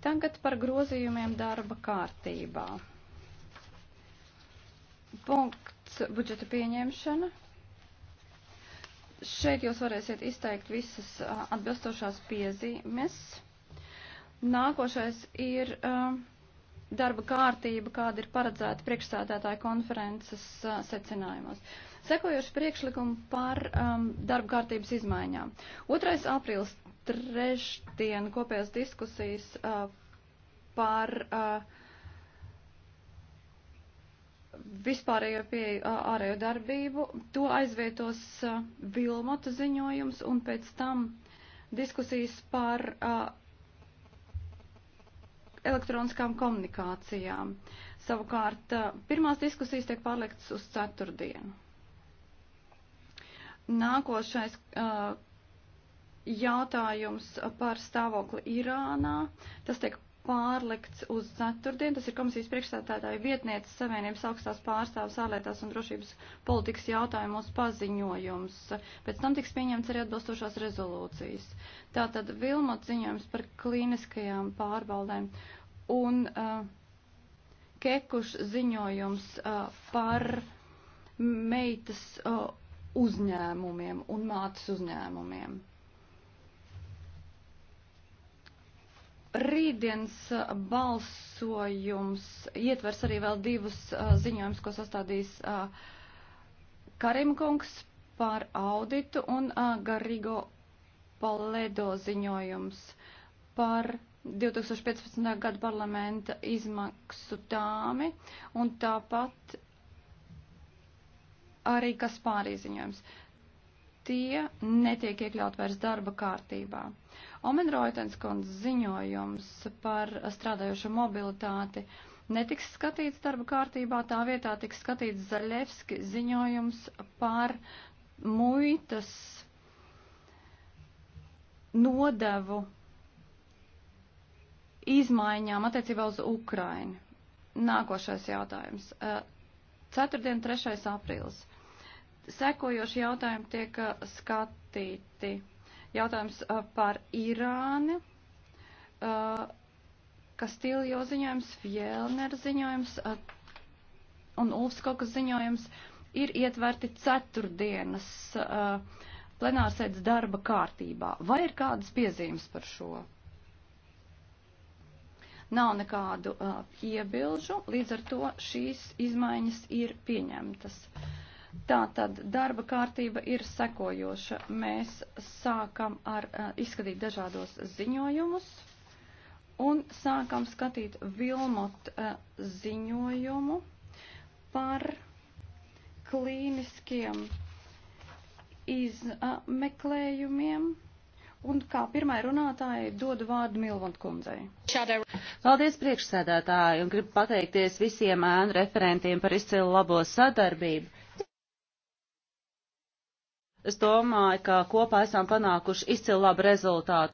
Tagad par grozījumiem darba kārtībā. Punkts budžeta pieņemšana. Šeit jūs varēsiet izteikt visas atbilstošās piezīmes. Nākošais ir uh, darba kārtība, kāda ir paredzēta priekšsēdētāja konferences uh, secinājumos. Sekojuši priekšlikumu par um, darba kārtības izmaiņām. 2. aprīlis trešdien kopējās diskusijas uh, par uh, vispārējo pieeju uh, ārējo darbību. To aizvietos uh, Vilmota ziņojums un pēc tam diskusijas par uh, elektroniskām komunikācijām. Savukārt, uh, pirmās diskusijas tiek pārliektas uz ceturtdienu. Nākošais uh, jautājums par stāvokli Irānā. Tas tiek pārlikts uz ceturtdienu. Tas ir komisijas priekšstādātāja vietnieces Savienības augstās pārstāvs ārlietās un drošības politikas jautājumos paziņojums. Pēc tam tiks pieņemts arī atbilstošās rezolūcijas. Tātad Vilmot ziņojums par klīniskajām pārbaudēm un uh, Kekuš ziņojums uh, par meitas uh, uzņēmumiem un mātes uzņēmumiem. Rītdienas uh, balsojums ietvers arī vēl divus uh, ziņojumus, ko sastādīs uh, Karimkungs par auditu un uh, Garrigo Paledo ziņojums par 2015. gada parlamenta izmaksu tāmi un tāpat arī Kaspārī ziņojums. Uh, tie netiek iekļaut vairs darba kārtībā. Omenroitens kundz ziņojums par strādājošo mobilitāti netiks skatīts darba kārtībā, tā vietā tiks skatīts Zaļevski ziņojums par muitas nodevu izmaiņām attiecībā uz Ukraini. Nākošais jautājums. Ceturtdien, 3. aprīlis. Sekojoši jautājumi tiek uh, skatīti. Jautājums uh, par Irānu. Uh, Kastīljo ziņojums, Fjellner ziņojums un Ulfskokas ziņojums ir ietverti ceturtdienas plenārsēdes darba kārtībā. Vai ir kādas piezīmes par šo? Nav nekādu uh, iebilžu, līdz ar to šīs izmaiņas ir pieņemtas. Tā tad darba kārtība ir sekojoša. Mēs sākam ar uh, izskatīt dažādos ziņojumus un sākam skatīt Vilmot uh, ziņojumu par klīniskiem izmeklējumiem. Uh, Un kā pirmai runātāji dodu vārdu Milvant kundzei. Paldies priekšsēdētāji un gribu pateikties visiem ēnu referentiem par izcilu labo sadarbību. Es domāju, ka kopā esam panākuši izcilu labu rezultātu.